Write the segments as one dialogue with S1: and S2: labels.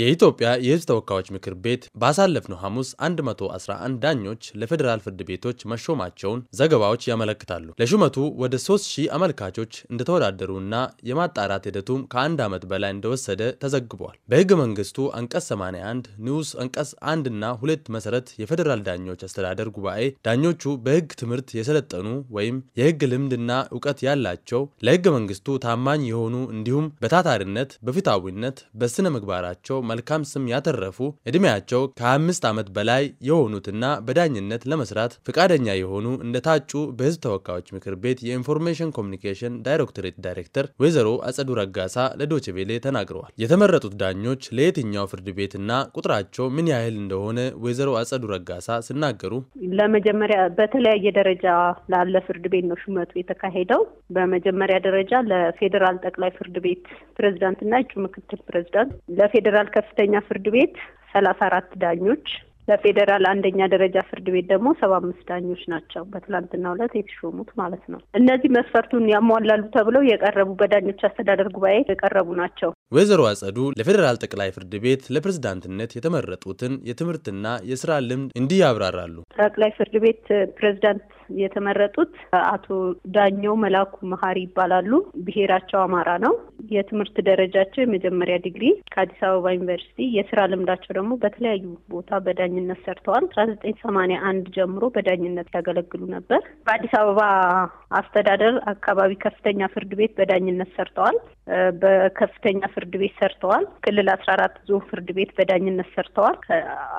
S1: የኢትዮጵያ የሕዝብ ተወካዮች ምክር ቤት ባሳለፍነው ሐሙስ 111 ዳኞች ለፌዴራል ፍርድ ቤቶች መሾማቸውን ዘገባዎች ያመለክታሉ። ለሹመቱ ወደ 3000 አመልካቾች እንደተወዳደሩና የማጣራት ሂደቱም ከአንድ ዓመት በላይ እንደወሰደ ተዘግቧል። በሕገ መንግስቱ አንቀጽ 81 ንዑስ አንቀጽ 1 እና 2 መሰረት የፌዴራል ዳኞች አስተዳደር ጉባኤ ዳኞቹ በሕግ ትምህርት የሰለጠኑ ወይም የሕግ ልምድና እውቀት ያላቸው ለሕገ መንግስቱ ታማኝ የሆኑ እንዲሁም በታታሪነት፣ በፊታዊነት፣ በስነ ምግባራቸው መልካም ስም ያተረፉ ዕድሜያቸው ከአምስት ዓመት በላይ የሆኑትና በዳኝነት ለመስራት ፈቃደኛ የሆኑ እንደታጩ በህዝብ ተወካዮች ምክር ቤት የኢንፎርሜሽን ኮሚኒኬሽን ዳይሬክቶሬት ዳይሬክተር ወይዘሮ አጸዱ ረጋሳ ለዶችቬሌ ተናግረዋል። የተመረጡት ዳኞች ለየትኛው ፍርድ ቤትና ቁጥራቸው ምን ያህል እንደሆነ ወይዘሮ አጸዱ ረጋሳ ሲናገሩ
S2: ለመጀመሪያ በተለያየ ደረጃ ላለ ፍርድ ቤት ነው ሹመቱ የተካሄደው። በመጀመሪያ ደረጃ ለፌዴራል ጠቅላይ ፍርድ ቤት ፕሬዝዳንትና እጩ ምክትል ፕሬዚዳንት፣ ለፌዴራል ከፍተኛ ፍርድ ቤት ሰላሳ አራት ዳኞች ለፌዴራል አንደኛ ደረጃ ፍርድ ቤት ደግሞ ሰባ አምስት ዳኞች ናቸው በትላንትናው ዕለት የተሾሙት ማለት ነው። እነዚህ መስፈርቱን ያሟላሉ ተብለው የቀረቡ በዳኞች አስተዳደር ጉባኤ የቀረቡ ናቸው።
S1: ወይዘሮ አጸዱ ለፌዴራል ጠቅላይ ፍርድ ቤት ለፕሬዝዳንትነት የተመረጡትን የትምህርትና የስራ ልምድ እንዲህ ያብራራሉ።
S2: ጠቅላይ ፍርድ ቤት ፕሬዝዳንት የተመረጡት አቶ ዳኘው መላኩ መሀሪ ይባላሉ። ብሔራቸው አማራ ነው። የትምህርት ደረጃቸው የመጀመሪያ ዲግሪ ከአዲስ አበባ ዩኒቨርሲቲ፣ የስራ ልምዳቸው ደግሞ በተለያዩ ቦታ በዳኝነት ሰርተዋል። አስራ ዘጠኝ ሰማኒያ አንድ ጀምሮ በዳኝነት ያገለግሉ ነበር። በአዲስ አበባ አስተዳደር አካባቢ ከፍተኛ ፍርድ ቤት በዳኝነት ሰርተዋል። በከፍተኛ ፍርድ ቤት ሰርተዋል። ክልል አስራ አራት ዞን ፍርድ ቤት በዳኝነት ሰርተዋል።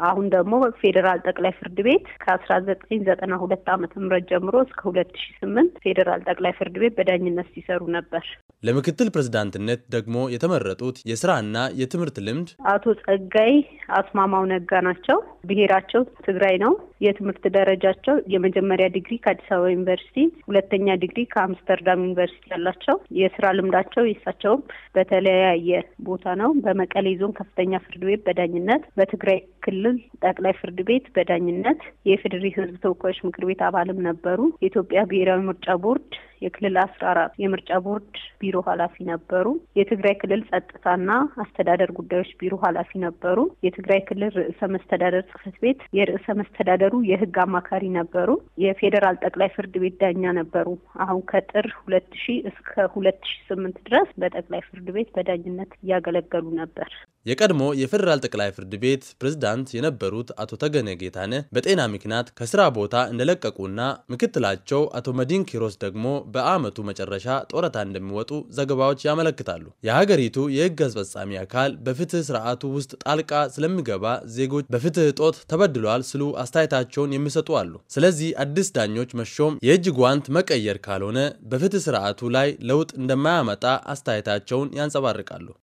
S2: አሁን ደግሞ ፌዴራል ጠቅላይ ፍርድ ቤት ከአስራ ዘጠኝ ዘጠና ሁለት ዓመተ ምህረት ጀምሮ እስከ ሁለት ሺ ስምንት ፌዴራል ጠቅላይ ፍርድ ቤት በዳኝነት ሲሰሩ ነበር።
S1: ለምክትል ፕሬዚዳንት ፕሬዝዳንትነት ደግሞ የተመረጡት የስራና የትምህርት ልምድ
S2: አቶ ጸጋይ አስማማው ነጋ ናቸው። ብሔራቸው ትግራይ ነው። የትምህርት ደረጃቸው የመጀመሪያ ዲግሪ ከአዲስ አበባ ዩኒቨርሲቲ፣ ሁለተኛ ዲግሪ ከአምስተርዳም ዩኒቨርሲቲ ያላቸው። የስራ ልምዳቸው የእሳቸውም በተለያየ ቦታ ነው። በመቀሌ ዞን ከፍተኛ ፍርድ ቤት በዳኝነት፣ በትግራይ ክልል ጠቅላይ ፍርድ ቤት በዳኝነት፣ የፌዴሪ ህዝብ ተወካዮች ምክር ቤት አባልም ነበሩ። የኢትዮጵያ ብሔራዊ ምርጫ ቦርድ የክልል አስራ አራት የምርጫ ቦርድ ቢሮ ኃላፊ ነበሩ። የትግራይ ክልል ጸጥታና አስተዳደር ጉዳዮች ቢሮ ኃላፊ ነበሩ። የትግራይ ክልል ርዕሰ መስተዳደር ጽህፈት ቤት የርዕሰ መስተዳደሩ የህግ አማካሪ ነበሩ። የፌዴራል ጠቅላይ ፍርድ ቤት ዳኛ ነበሩ። አሁን ከጥር ሁለት ሺ እስከ ሁለት ሺ ስምንት ድረስ በጠቅላይ ፍርድ ቤት በዳኝነት እያገለገሉ ነበር።
S1: የቀድሞ የፌዴራል ጠቅላይ ፍርድ ቤት ፕሬዝዳንት የነበሩት አቶ ተገነ ጌታነ በጤና ምክንያት ከስራ ቦታ እንደለቀቁና ምክትላቸው አቶ መዲን ኪሮስ ደግሞ በዓመቱ መጨረሻ ጡረታ እንደሚወጡ ዘገባዎች ያመለክታሉ። የሀገሪቱ የህግ አስፈጻሚ አካል በፍትህ ስርዓቱ ውስጥ ጣልቃ ስለሚገባ ዜጎች በፍትህ እጦት ተበድለዋል ስሉ አስተያየታቸውን የሚሰጡ አሉ። ስለዚህ አዲስ ዳኞች መሾም የእጅ ጓንት መቀየር ካልሆነ በፍትህ ስርዓቱ ላይ ለውጥ እንደማያመጣ አስተያየታቸውን ያንጸባርቃሉ።